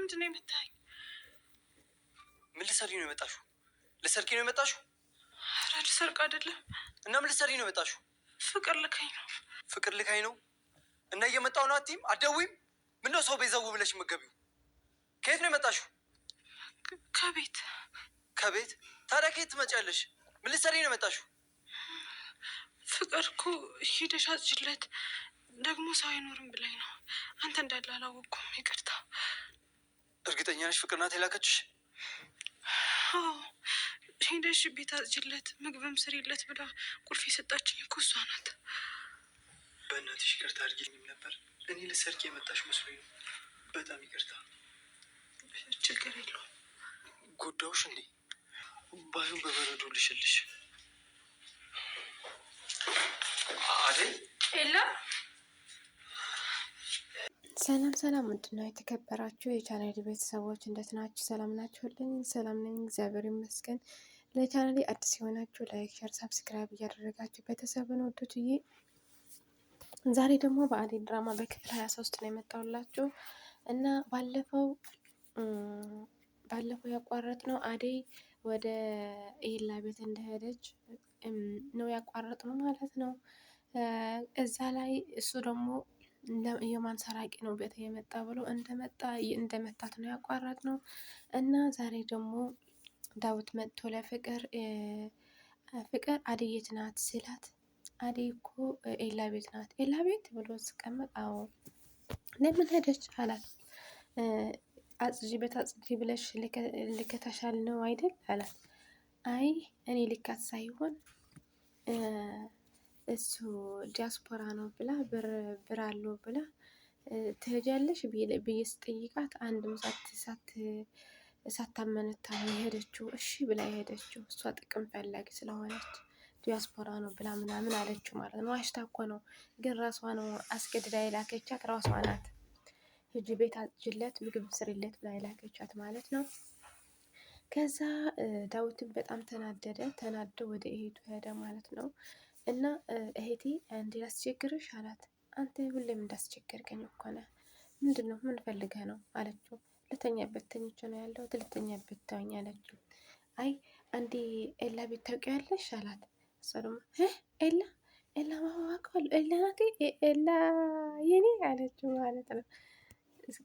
ምንድን ነው የምታይ? ምን ልሰሪ ነው የመጣሽው? ልትሰርቂ ነው የመጣሽው? ኧረ ልሰርቅ አይደለም። እና ምን ነው የመጣሽው? ፍቅር ልካኝ ነው። ፍቅር ልካኝ ነው እና እየመጣው ነው አትይም? አትደውይም? ምነው ሰው ቤዛው ብለሽ መገቢው? ከየት ነው የመጣሽው? ከቤት ከቤት። ታዲያ ከየት ትመጫለሽ? ምን ልሰሪ ነው የመጣሽው? ፍቅር እኮ ሂደሽ አጽጅለት ደግሞ ሰው አይኖርም ብላኝ ነው። አንተ እንዳለ አላወቅኩም። ይቅርታ እርግጠኛ ነሽ ፍቅር ናት የላከችሽ? ሄደሽ ቤት አጽጅለት ምግብም ስሪለት ብላ ቁልፍ የሰጣችኝ እኮ እሷ ናት። በእናትሽ ይቅርታ አድርጊልኝም ነበር እኔ ልሰርቅ የመጣሽ መስሎኝ ነው። በጣም ይቅርታ። ችግር የለውም። ጎዳውሽ እንዴ? ባይሆን በበረዶ ልሽልሽ። አደይ የለም ሰላም ሰላም፣ ውድና የተከበራችሁ የቻናል ቤተሰቦች እንደት ናችሁ? ሰላም ናችሁልኝ? ሰላም ነኝ፣ እግዚአብሔር ይመስገን። ለቻናሌ አዲስ የሆናችሁ ላይክ፣ ሸር፣ ሳብስክራይብ እያደረጋችሁ ቤተሰብን ወዱትዬ። ዛሬ ደግሞ በአደይ ድራማ በክፍል ሀያ ሶስት ነው የመጣሁላችሁ እና ባለፈው ባለፈው ያቋረጥ ነው አደይ ወደ ኤላ ቤት እንደሄደች ነው ያቋረጥ ነው ማለት ነው። እዛ ላይ እሱ ደግሞ የማንሰራቂ ነው ቤት የመጣ ብሎ እንደመጣ እንደመታት ነው ያቋረጥ ነው እና ዛሬ ደግሞ ዳዊት መጥቶ ለፍቅር ፍቅር አደየት ናት ስላት አደይ እኮ ኤላ ቤት ናት። ኤላ ቤት ብሎ ስቀመጥ አዎ ለምን ሄደች አላት። አጽጂ ቤት አጽጂ ብለሽ ልከታሻል ነው አይደል አላት። አይ እኔ ልካት ሳይሆን እሱ ዲያስፖራ ነው ብላ ብር አለው ብላ ትሄጃለሽ ብዬ ስጠይቃት አንድም ሳታመነታ የሄደችው። እሺ ብላ የሄደችው እሷ ጥቅም ፈላጊ ስለሆነች ዲያስፖራ ነው ብላ ምናምን አለችው ማለት ነው። ዋሽታ እኮ ነው፣ ግን ራሷ ነው አስገድዳ የላከቻት ራሷ ናት። ሂጂ ቤት አጅለት ምግብ ስሪለት ብላ የላከቻት ማለት ነው። ከዛ ዳዊትን በጣም ተናደደ። ተናደ ወደ እሄዱ ሄደ ማለት ነው። እና እህቴ አንዴ ላስቸግርሽ አላት። አንተ ሁሌም እንዳስቸገርከኝ እኮ ነህ። ምንድን ነው ምን ፈልገህ ነው አለችው። ልተኛበት ተኝቼ ነው ያለሁት ልተኛበት ተወኝ አለችው። አይ አንዴ ኤላ ቤት ታውቂያለሽ አላት። እሷ ደግሞ ኤላ ኤላ ማዋቀል ኤላ ናት ኤላ የኔ አለችው ማለት ነው።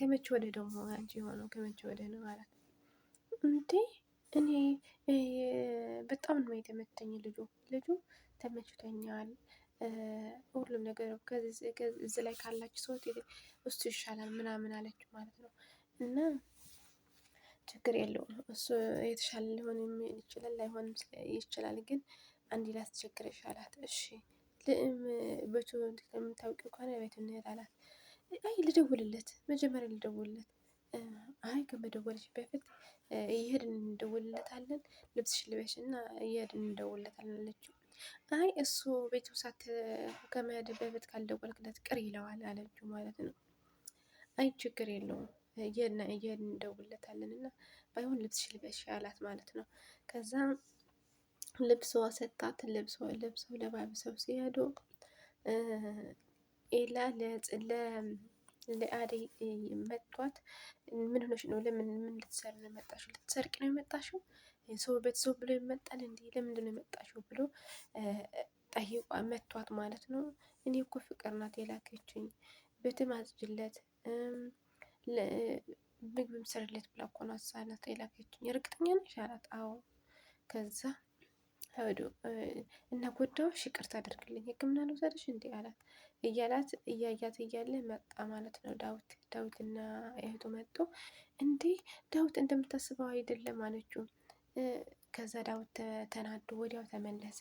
ከመቼ ወደ ደግሞ አንቺ የሆነው ከመቼ ወደ ነው አላት። እንዴ እኔ በጣም ነው የተመተኝ ልጁ ልጁ ተመችቶኛል፣ ሁሉም ነገር እዚህ ላይ ካላችሁ ሰዎች እሱ ይሻላል ምናምን አለች ማለት ነው። እና ችግር የለውም እሱ የተሻለ ሊሆን ይችላል ላይሆን ይችላል፣ ግን አንድ ላስቸግር ይሻላት። እሺ ቤቱ የምታውቂው ከሆነ ቤቱ እንሄድ አላት። አይ ልደውልለት፣ መጀመሪያ ልደውልለት። አይ ከመደወልሽ በፊት እየሄድን እንደውልለታለን፣ ልብስሽ ልበሽ እና እየሄድን እንደውልለታለን አለችው። አይ እሱ ቤት ሳት ከመሄድ በፊት ካልደወልክለት ቅር ይለዋል አለችው ማለት ነው። አይ ችግር የለውም እንደውልለታለን እና ባይሆን ልብስ ልበሽ አላት ማለት ነው። ከዛ ልብሷ ሰጣት። ልብሶ ልብሶ ለባብሰው ሲሄዱ ኤላ ለአደይ መጥቷት ምን ሆነሽ ነው? ለምን ምን ልትሰሪ ነው የመጣሽው? ልትሰርቂ ነው የመጣሽው ሰው ቤት ሰው ብሎ ይመጣል እንዴ? ለምንድን ነው ብሎ ጠይቋ መቷት ማለት ነው። እኔ እኮ ፍቅር ናት የላከችኝ ቤትም አጽጅለት ምግብም ስርለት ብላ እኮ ናት ሳላት የላከችኝ እርግጠኛ ነሽ አላት። አዎ ከዛ ሄዶ እና ጎዳዎች ይቅርታ አድርግልኝ ሕክምና ልውሰድሽ እንዲህ አላት። እያላት እያያት እያለ መጣ ማለት ነው። ዳዊት ዳዊትና እህቱ መጡ። እንዲህ ዳዊት እንደምታስበው አይደለም አለችው። ከዛ ዳዊት ተናዶ ወዲያው ተመለሰ።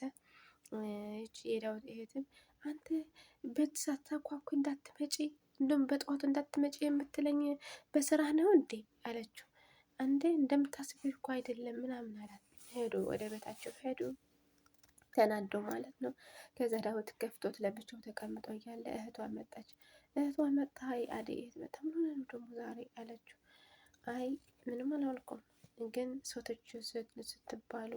እቺ የዳዊት እህትም አንተ በት ሳታንኳኩ እንዳትመጪ እንደም በጠዋቱ እንዳትመጪ የምትለኝ በስራ ነው እንዴ አለችው። አንዴ እንደምታስቢው እኮ አይደለም ምናምን አላት። ሄዱ ወደ ቤታቸው ሄዱ ተናዶ ማለት ነው። ከዛ ዳዊት ከፍቶት ለብቻው ተቀምጦ እያለ እህቷ መጣች። እህቷ መጣ። አይ አደይ እህት መጣ። ምን ሆነ ደግሞ ዛሬ አለችው። አይ ምንም አላልኩም ግን ሴቶች ስትባሉ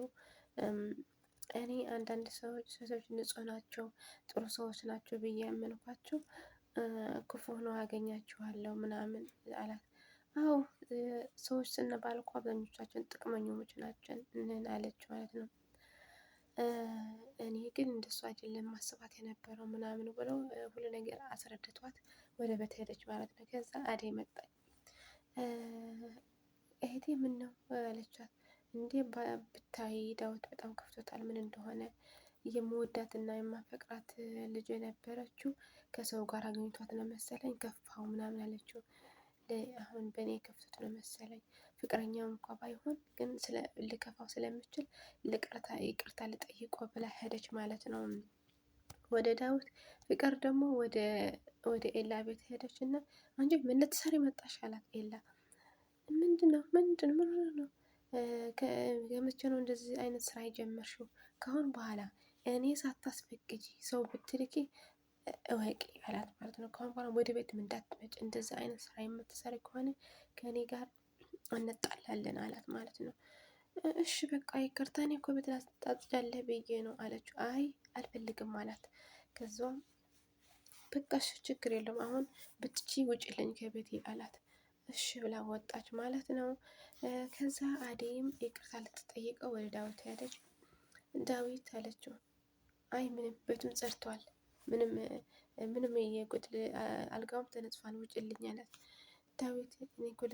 እኔ አንዳንድ ሰዎች ሴቶች ንጹሕ ናቸው፣ ጥሩ ሰዎች ናቸው ብዬ ያመንኳቸው ክፉ ሆኖ አገኛችኋለሁ ምናምን አላት። አዎ ሰዎች ስንባል እኮ አብዛኞቻችን ጥቅመኞች ናቸው አለች ማለት ነው። እኔ ግን እንደሱ አይደለም ማስባት የነበረው ምናምን ብለው ሁሉ ነገር አስረድቷት ወደ ቤት ሄደች ማለት ነው። ከዛ አደይ መጣች። እህቴ ምን ነው አለቻት። እንዴ ብታይ ዳዊት በጣም ከፍቶታል ምን እንደሆነ የምወዳት እና የማፈቅራት ልጅ የነበረችው ከሰው ጋር አግኝቷት ነው መሰለኝ ከፋው ምናምን አለችው። አሁን በእኔ ከፍቶት ነው መሰለኝ ፍቅረኛው እንኳ ባይሆን ግን ልከፋው ስለምችል ይቅርታ ልጠይቆ ብላ ሄደች ማለት ነው ወደ ዳዊት። ፍቅር ደግሞ ወደ ኤላ ቤት ሄደች እና አንቺ ምን ልትሰሪ መጣሽ አላት ኤላ ምንድን ነው ምንድን ምን ነው ከመቼ ነው እንደዚህ አይነት ስራ የጀመርሽው? ከአሁን በኋላ እኔ ሳታስፈቅጂ ሰው ብትልኪ እወቂ ይላል ማለት ነው። ከአሁን በኋላ ወደ ቤት እንዳትመጭ፣ እንደዚህ አይነት ስራ የምትሰሪ ከሆነ ከእኔ ጋር እንጣላለን አላት ማለት ነው። እሺ በቃ ይቅርታ፣ እኔ እኮ ቤት ላስጣጥዳለህ ብዬ ነው አለችው። አይ አልፈልግም አላት። ከዛም በቃ እሺ ችግር የለም አሁን ብትቺ ውጭልኝ ከቤቴ አላት። እሺ ብላ ወጣች ማለት ነው። ከዛ አደይም ይቅርታ ልትጠይቀው ወደ ዳዊት ሄደች። ዳዊት አለችው አይ ምንም ቤቱም ጸድቷል፣ ምንም ምንም አልጋውም ተነጽፏል፣ ውጭልኝ አላት። ዳዊት ይቅር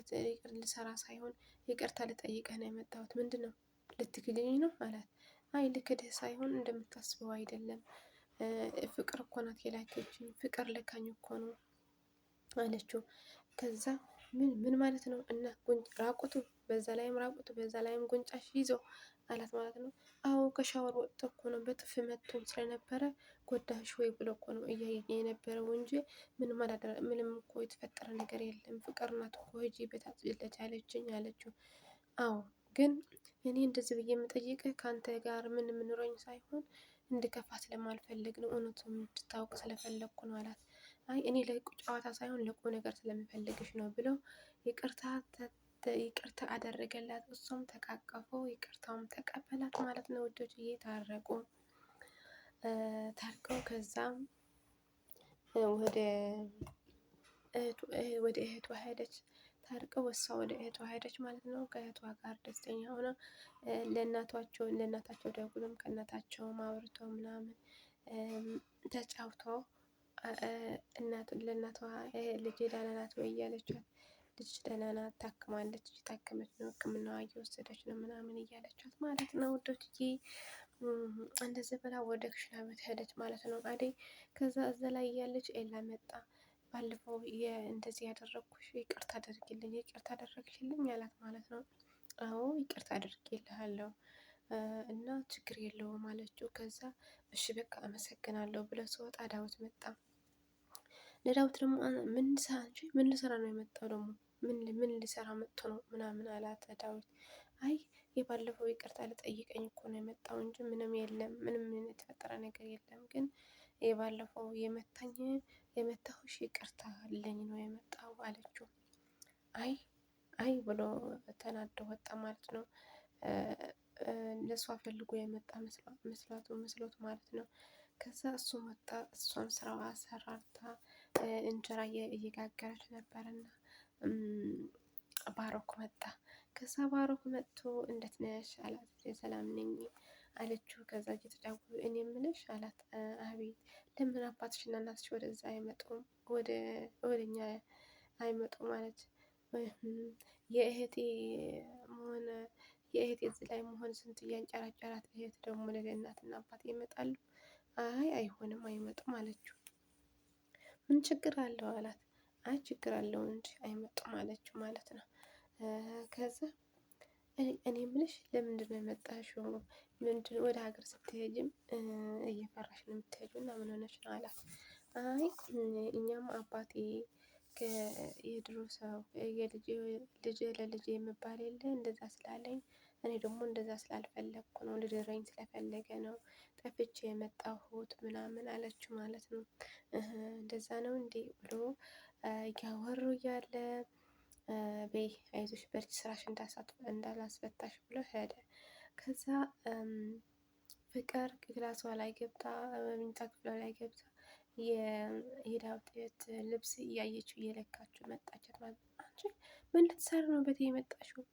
ልሰራ ሳይሆን ይቅርታ ልጠይቀህ ነው የመጣሁት። ምንድን ነው ልትግልኝ ነው አላት። አይ ልክድህ ሳይሆን እንደምታስበው አይደለም። ፍቅር እኮ ናት የላከችኝ፣ ፍቅር ልካኝ እኮ ነው አለችው። ከዛ ምን ምን ማለት ነው? እና ራቁቱ በዛ ላይም ራቁቱ በዛ ላይም ጉንጫሽ ይዞ አላት ማለት ነው። አዎ ከሻወር ወጥቶ እኮ ነው በጥፍ መቶኝ ስለነበረ ጎዳሽ ወይ ብሎ እኮ ነው እያየ የነበረው እንጂ ምንም እኮ የተፈጠረ ነገር የለም። ፍቅር ናት እኮ ሂጂ በታጽለች አለችኝ አለችው። አዎ ግን እኔ እንደዚህ ብዬ የምጠይቅህ ከአንተ ጋር ምን ምንሮኝ ሳይሆን እንድከፋ ስለማልፈልግ ነው፣ እውነቱን እንድታውቅ ስለፈለግኩ ነው አላት። አይ እኔ ለጨዋታ ሳይሆን ለቁ ነገር ስለምፈልግሽ ነው ብሎ ይቅርታ አደረገላት። እሱም ተቃቀፎ ይቅርታውም ተቀበላት ማለት ነው። ውዶች ታረቁ። ታርቀው ከዛም ወደ እህቷ ሄደች። ታርቀው እሷ ወደ እህቷ ሄደች ማለት ነው። ከእህቷ ጋር ደስተኛ ሆና ለእናታቸው ደውሎም ከእናታቸውም አውርተው ምናምን ተጫውተው እናት ለእናቷ ልጅ ደህና ናት ወይ እያለቻት ልጅ ደህና ናት ታክማለች፣ እየታከመች ነው፣ ሕክምናዋ እየወሰደች ነው ምናምን እያለቻት ማለት ነው ውዶችዬ። እንደዚህ ብላ ወደ ክሽና ቤት ሄደች ማለት ነው አደይ። ከዛ እዛ ላይ እያለች ኤላ መጣ። ባለፈው እንደዚህ ያደረግኩሽ ይቅርታ አደርግልኝ፣ ይቅርታ አደረግሽልኝ አላት ማለት ነው። አዎ ይቅርታ አድርጌልሃለሁ እና ችግር የለውም አለችው። ከዛ እሺ በቃ አመሰግናለሁ ብለ ሲወጣ ዳዊት መጣ። ለዳዊት ደግሞ ምን ልሰራ ምን ልሰራ ነው የመጣው ደግሞ ምን ልሰራ መጥቶ ነው ምናምን አላት ዳዊት። አይ የባለፈው ይቅርታ ልጠይቀኝ እኮ ነው የመጣው እንጂ ምንም የለም፣ ምንም የተፈጠረ ነገር የለም። ግን የባለፈው የመታኝ የመታሁሽ ይቅርታ ልኝ ነው የመጣው አለችው። አይ አይ ብሎ ተናዶ ወጣ ማለት ነው። ለእሷ ፈልጎ የመጣ መስሏት መስሎት ማለት ነው። ከዛ እሱ መጣ። እሷም ስራዋ ሰራርታ እንጀራ እየጋገረች ነበርና ባሮክ መጣ። ከዛ ባሮክ መጥቶ እንዴት ነሽ አላት። ሰላም ነኝ አለችው። ከዛ እየተጫወቱ እኔ የምልሽ አላት። አቤት ለምን አባትሽ እና እናትሽ ወደዛ አይመጡም? ወደ እኛ አይመጡም ማለት የእህቴ መሆን የእህቴ እዚህ ላይ መሆን ስንት እያንጨራጨራት እህት ደግሞ ነገ እናትና አባት ይመጣሉ። አይ አይሆንም አይመጡም አለችው። ምን ችግር አለው አላት። አይ ችግር አለው እንጂ አይመጡም አለችው ማለት ነው። ከዛ እኔ ምልሽ ለምንድን ነው የመጣሽው? ምንድን ወደ ሀገር ስትሄጅም እየፈራሽ ነው የምትሄጂው እና ምን ሆነች ነው አላት። አይ እኛም አባቴ የድሮ ሰው ልጅ ለልጅ የምባል የለ እንደዛ ስላለኝ እኔ ደግሞ እንደዛ ስላልፈለግኩ ነው ልድረኝ ስለፈለገ ነው ጠፍቼ የመጣሁት ምናምን አለችው ማለት ነው። እንደዛ ነው እንዴ ብሎ እያወሩ እያለ ቤ አይዞሽ በርቺ ስራሽ እንዳላስፈታሽ ብሎ ሄደ። ከዛ ፍቅር ክላሷ ላይ ገብታ መኝታ ክፍሏ ላይ ገብታ የዳዊት ልብስ እያየችው እየለካችው መጣች ማለት ነው። አንቺ ምን ልትሰሪ ነው በዚህ የመጣሽው?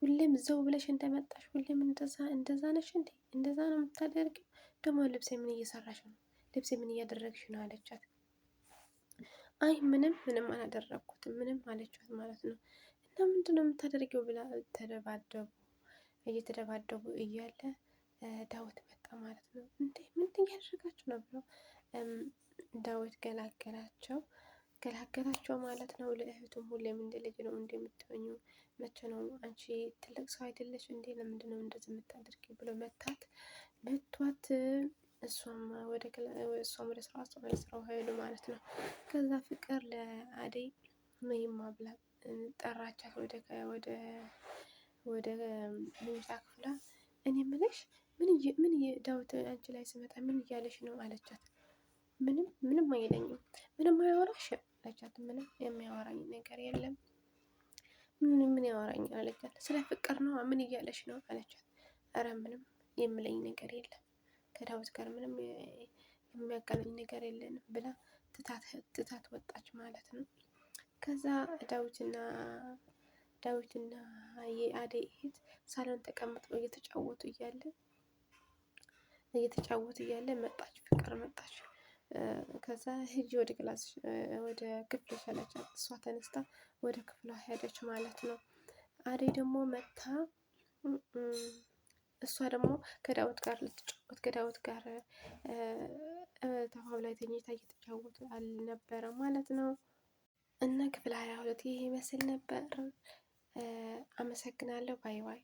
ሁሌም ዘው ብለሽ እንደመጣሽ ሁሌም እንደዛ እንደዛ ነሽ እንዴ? እንደዛ ነው የምታደርጊው? ደግሞ ልብሴ ምን እየሰራሽ ነው? ልብሴ ምን እያደረግሽ ነው አለቻት። አይ ምንም ምንም አላደረግኩትም ምንም አለቻት ማለት ነው። እና ምንድን ነው የምታደርጊው ብላ ተደባደቡ። እየተደባደቡ እያለ ዳዊት መጣ ማለት ነው። እንዴ ምንድን ያደረጋችሁ ነው ብሎ ዳዊት ገላገላቸው። ገላገላቸው ማለት ነው። ለእህቱም ሁሌም እንደ ልጅ ነው እንደምትሆኙ መቼ ነው አንቺ ትልቅ ሰው አይደለሽ እንዴ ለምንድን ነው እንደዚህ የምታደርጊ ብሎ መታት መቷት። እሷም ወደ እሷም ወደ ስራ ወደ ስራው ሄዱ ማለት ነው። ከዛ ፍቅር ለአደይ መይማ ብላ ጠራቻት ወደ ወደ ወደ ምንጫ ክፍሏ። እኔ ምልሽ ምን ምን ዳዊት አንቺ ላይ ስመጣ ምን እያለሽ ነው አለቻት። ምንም ምንም አይለኝም ምንም አያወራሽም አለቻት። ምንም የሚያወራኝ ነገር የለም። ምንም ምን ያወራኝ አለቻት። ስለ ፍቅር ነው ምን እያለች ነው አለቻት። እረ ምንም የምለኝ ነገር የለም ከዳዊት ጋር ምንም የሚያገናኝ ነገር የለንም ብላ ትታት ወጣች ማለት ነው። ከዛ ዳዊትና ዳዊትና የአደይ እህት ሳሎን ተቀምጠው እየተጫወቱ እያለ እየተጫወቱ እያለ መጣች ፍቅር መጣች። ከዛ ሂጂ ወደ ክላስ ወደ ክፍል አለቻት። እሷ ተነስታ ወደ ክፍሏ ሄደች ማለት ነው። አዴ ደግሞ መታ እሷ ደግሞ ከዳዊት ጋር ልትጫወት ከዳዊት ጋር ተፋው ላይ ተኝታ እየተጫወቱ አልነበረ ማለት ነው። እና ክፍል ሀያ ሁለት ይህ ይመስል ነበር። አመሰግናለሁ። ባይ ባይ።